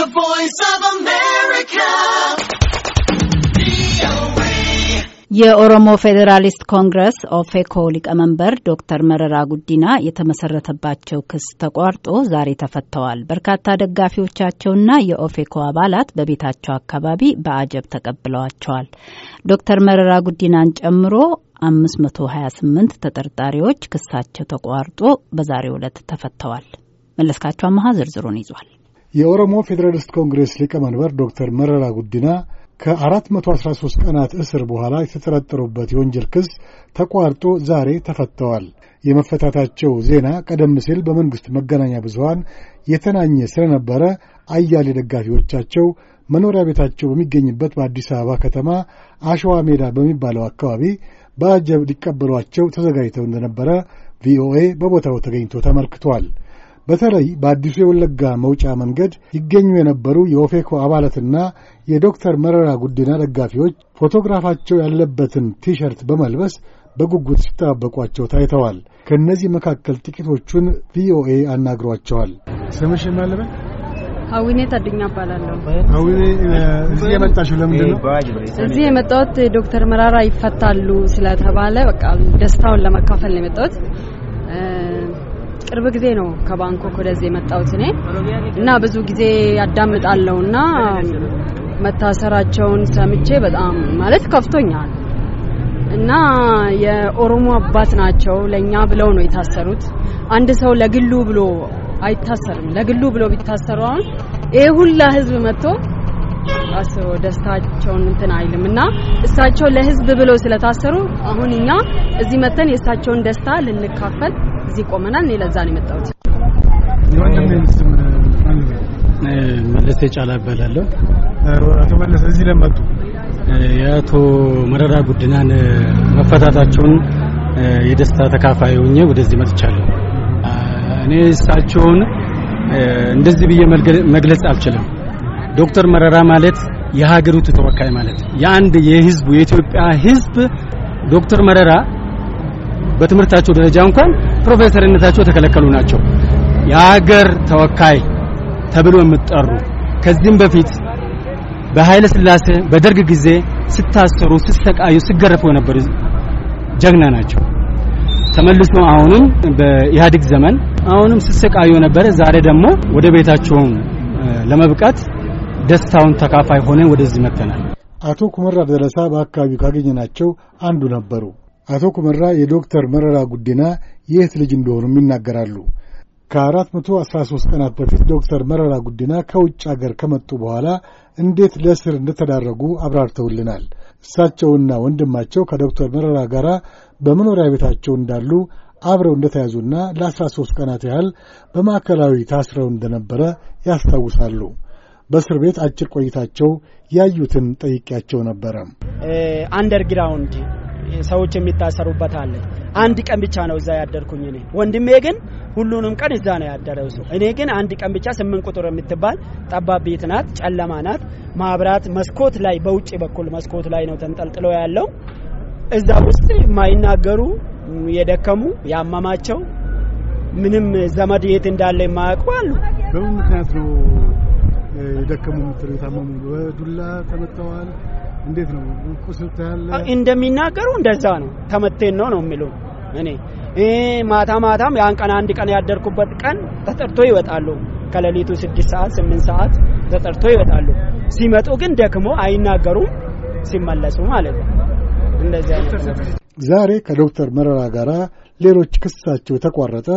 The Voice of America. የኦሮሞ ፌዴራሊስት ኮንግረስ ኦፌኮ ሊቀመንበር ዶክተር መረራ ጉዲና የተመሰረተባቸው ክስ ተቋርጦ ዛሬ ተፈተዋል። በርካታ ደጋፊዎቻቸውና የኦፌኮ አባላት በቤታቸው አካባቢ በአጀብ ተቀብለዋቸዋል። ዶክተር መረራ ጉዲናን ጨምሮ 528 ተጠርጣሪዎች ክሳቸው ተቋርጦ በዛሬው ዕለት ተፈተዋል። መለስካቸው አመሀ ዝርዝሩን ይዟል። የኦሮሞ ፌዴራሊስት ኮንግሬስ ሊቀመንበር ዶክተር መረራ ጉዲና ከ413 ቀናት እስር በኋላ የተጠረጠሩበት የወንጀል ክስ ተቋርጦ ዛሬ ተፈተዋል። የመፈታታቸው ዜና ቀደም ሲል በመንግሥት መገናኛ ብዙሃን የተናኘ ስለነበረ አያሌ ደጋፊዎቻቸው መኖሪያ ቤታቸው በሚገኝበት በአዲስ አበባ ከተማ አሸዋ ሜዳ በሚባለው አካባቢ በአጀብ ሊቀበሏቸው ተዘጋጅተው እንደነበረ ቪኦኤ በቦታው ተገኝቶ ተመልክቷል። በተለይ በአዲሱ የወለጋ መውጫ መንገድ ይገኙ የነበሩ የኦፌኮ አባላትና የዶክተር መረራ ጉዲና ደጋፊዎች ፎቶግራፋቸው ያለበትን ቲሸርት በመልበስ በጉጉት ሲጠባበቋቸው ታይተዋል። ከእነዚህ መካከል ጥቂቶቹን ቪኦኤ አናግሯቸዋል። ስምሽ ማለበል? ታድኛ እባላለሁ። ሀዊኔ እዚህ የመጣሽው ለምንድን ነው? እዚህ የመጣሁት ዶክተር መራራ ይፈታሉ ስለተባለ በቃ ደስታውን ለመካፈል ነው የመጣሁት። ቅርብ ጊዜ ነው ከባንኮክ ወደዚህ የመጣሁት እኔ እና ብዙ ጊዜ ያዳምጣለሁ እና መታሰራቸውን ሰምቼ በጣም ማለት ከፍቶኛል። እና የኦሮሞ አባት ናቸው ለኛ ብለው ነው የታሰሩት። አንድ ሰው ለግሉ ብሎ አይታሰርም። ለግሉ ብሎ ቢታሰሩ አሁን ይሄ ሁላ ህዝብ መጥቶ አስሮ ደስታቸውን እንትን አይልም እና እሳቸው ለህዝብ ብለው ስለታሰሩ አሁን እኛ እዚህ መተን የእሳቸውን ደስታ ልንካፈል እዚህ ቆመናል። እኔ ለዛ ነው የመጣሁት። መለስ ጫላ እባላለሁ። አቶ መለስ እዚህ ለመጡ የአቶ መረራ ጉድናን መፈታታቸውን የደስታ ተካፋይ ሆኜ ወደዚህ መጥቻለሁ። እኔ እሳቸውን እንደዚህ ብዬ መግለጽ አልችልም። ዶክተር መረራ ማለት የሀገሪቱ ተወካይ ማለት የአንድ የህዝቡ የኢትዮጵያ ህዝብ ዶክተር መረራ በትምህርታቸው ደረጃ እንኳን ፕሮፌሰርነታቸው የተከለከሉ ናቸው። የሀገር ተወካይ ተብሎ የምትጠሩ ከዚህም በፊት በኃይለ ሥላሴ በደርግ ጊዜ ስታሰሩ፣ ስትሰቃዩ ሲገረፉ የነበሩ ጀግና ናቸው። ተመልሶ አሁንም በኢህአዴግ ዘመን አሁንም ሲሰቃዩ የነበረ ዛሬ ደግሞ ወደ ቤታቸውን ለመብቃት ደስታውን ተካፋይ ሆነ ወደዚህ መጥተናል። አቶ ኩመራ ደረሳ በአካባቢው ካገኘናቸው አንዱ ነበሩ። አቶ ኩመራ የዶክተር መረራ ጉዲና የእህት ልጅ እንደሆኑም ይናገራሉ። ከ413 ቀናት በፊት ዶክተር መረራ ጉዲና ከውጭ አገር ከመጡ በኋላ እንዴት ለእስር እንደተዳረጉ አብራርተውልናል። እሳቸውና ወንድማቸው ከዶክተር መረራ ጋር በመኖሪያ ቤታቸው እንዳሉ አብረው እንደተያዙና ለ13 ቀናት ያህል በማዕከላዊ ታስረው እንደነበረ ያስታውሳሉ። በእስር ቤት አጭር ቆይታቸው ያዩትን ጠይቄያቸው ነበረ። አንደርግራውንድ ሰዎች የሚታሰሩበት አለ። አንድ ቀን ብቻ ነው እዛ ያደርኩኝ እኔ። ወንድሜ ግን ሁሉንም ቀን እዛ ነው ያደረው እሱ። እኔ ግን አንድ ቀን ብቻ ስምንት ቁጥር የምትባል ጠባብ ቤት ናት፣ ጨለማ ናት። ማብራት መስኮት ላይ በውጭ በኩል መስኮት ላይ ነው ተንጠልጥሎ ያለው። እዛ ውስጥ የማይናገሩ የደከሙ ያመማቸው ምንም ዘመድ የት እንዳለ የማያውቁ አሉ። በምን ምክንያት ነው የደከሙ የምትለው? የታመሙ በዱላ ተመተዋል እንዴት ነው እንደሚናገሩ እንደዛ ነው። ተመቴን ነው ነው የሚሉ እኔ ማታ ማታም ያን ቀን አንድ ቀን ያደርኩበት ቀን ተጠርቶ ይወጣሉ። ከሌሊቱ ስድስት ሰዓት ስምንት ሰዓት ተጠርቶ ይወጣሉ። ሲመጡ ግን ደክሞ አይናገሩም ሲመለሱ ማለት ነው። እንደዚህ አይነት ዛሬ ከዶክተር መረራ ጋር ሌሎች ክሳቸው የተቋረጠ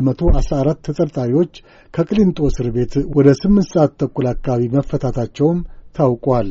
114 ተጠርጣሪዎች ከቅሊንጦ እስር ቤት ወደ 8 ሰዓት ተኩል አካባቢ መፈታታቸውም ታውቋል።